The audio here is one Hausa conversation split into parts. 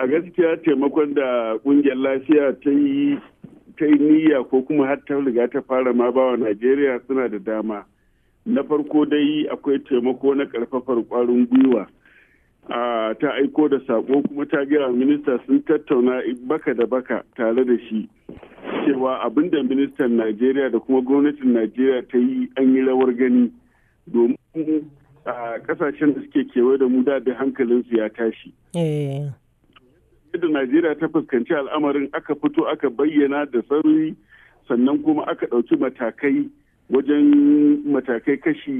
a gaskiya taimakon da kungiyar lafiya ta yi ta yi niyya ko kuma har ta riga ta fara ma bawa najeriya suna da dama na farko dai akwai taimako na karfafar kwarin gwiwa ta aiko da sako kuma ta gaya minista sun tattauna baka da baka tare da shi cewa abin da ministan najeriya da kuma gwamnatin najeriya ta yi an yi rawar gani domin kasashen da suke kewaye da mu da hankalinsu ya tashi eh. yadda najeriya ta fuskanci al'amarin aka fito aka bayyana da sarari sannan kuma aka ɗauki matakai wajen matakai kashi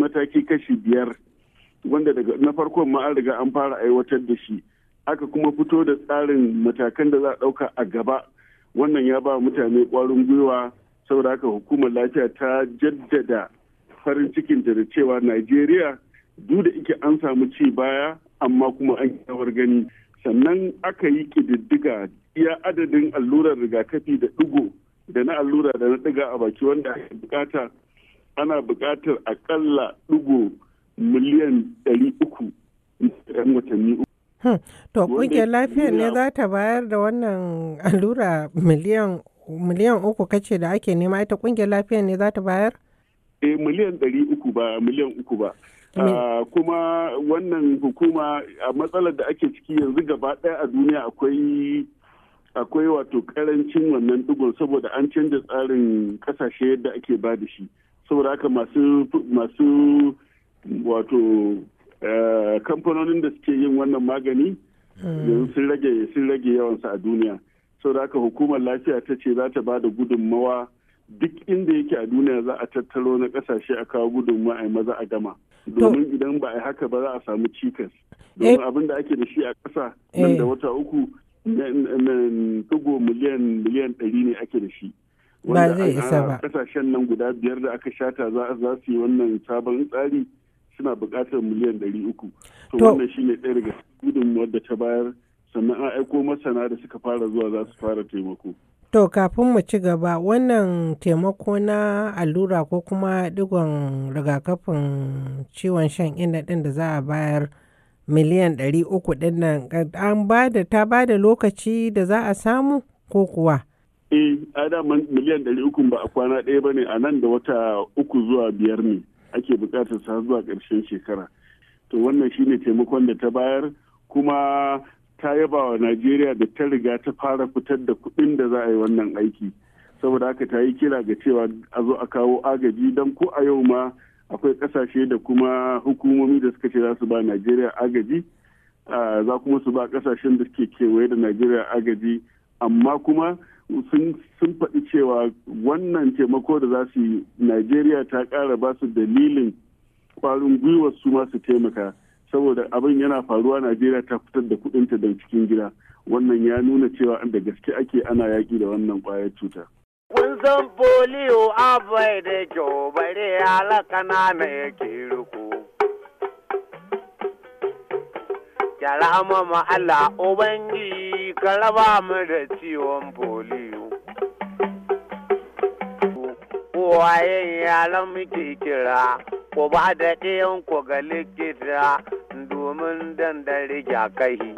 mataki kashi biyar wanda daga na farkon ma an riga an fara aiwatar da shi aka kuma fito da tsarin matakan da za a ɗauka a gaba wannan ya ba mutane ƙwarin gwiwa saboda haka hukumar lafiya ta jaddada farin cikin da cewa najeriya duk da ike an samu ci baya amma kuma an kyawar gani sannan aka yi ƙididdiga iya adadin allurar rigakafi da ɗigo da na allura da na ɗiga a baki wanda ake bukata ana bukatar akalla ɗigo miliyan ɗari uku yan watanni uku. Hmm. To ƙungiyar lafiyar ne za ta bayar da wannan allura miliyan uku kace da ake nema ita ƙungiyar lafiyar ne za ta bayar? eh miliyan ɗari uku ba miliyan uku ba ah, kuma wannan hukuma a matsalar da ake ciki yanzu gaba ɗaya a duniya akwai akwai wato karancin wannan digon saboda an canza tsarin kasashe yadda ake ba da shi saboda haka masu masu wato eh, kamfanonin da suke yin wannan magani hmm. sun rage sun rage yawansa a duniya saboda haka hukumar lafiya ta ce za ta ba da gudunmawa duk inda yake a duniya za a tattaro na kasashe a kawo gudunmu a maza a gama domin idan ba a haka ba za a samu cikas eh. domin abin da ake da shi a ƙasa nan da eh. wata uku tsugo miliyan miliyan ɗari ne ake da shi ba zai isa ba kasashen nan guda biyar da aka shata za su yi wannan sabon tsari suna bukatar miliyan ɗari uku to wannan shi ne ɗaya daga gudunmuwar da ta bayar sannan an aiko masana da suka fara zuwa za su fara taimako To kafin mu ci gaba wannan taimako na allura ko kuma digon rigakafin ciwon shan ina din da za a bayar miliyan ɗari uku nan an da ta da lokaci da za a samu ko kuwa? Eh, a miliyan ɗari ba a kwana ɗaya ba ne a nan da wata uku zuwa biyar ne ake buƙatar sa zuwa ƙarshen shekara. To wannan shine taimakon da ta bayar kuma ta yaba wa najeriya da ta riga ta fara fitar da kuɗin da za a yi wannan aiki saboda haka ta yi kira ga cewa a zo a kawo agaji don ko a yau ma akwai ƙasashe da kuma hukumomi da suka ce za su ba najeriya agaji za kuma su ba ƙasashen da suke kewaye da najeriya agaji amma kuma sun faɗi cewa wannan taimako da za su yi najeriya ta ƙara ba su dalilin ƙwarin gwiwar su ma su taimaka saboda abin yana faruwa najeriya ta fitar da kudinta da cikin gida wannan ya nuna cewa inda gaske ake ana yaki da wannan kwayar cuta kun san polio abai da kyau bare alaka na na yake ruku yara ma allah ubangi ka raba mu da ciwon polio waye yaran muke kira ko ba da ɗayan ko ga likita domin dandare jakahi.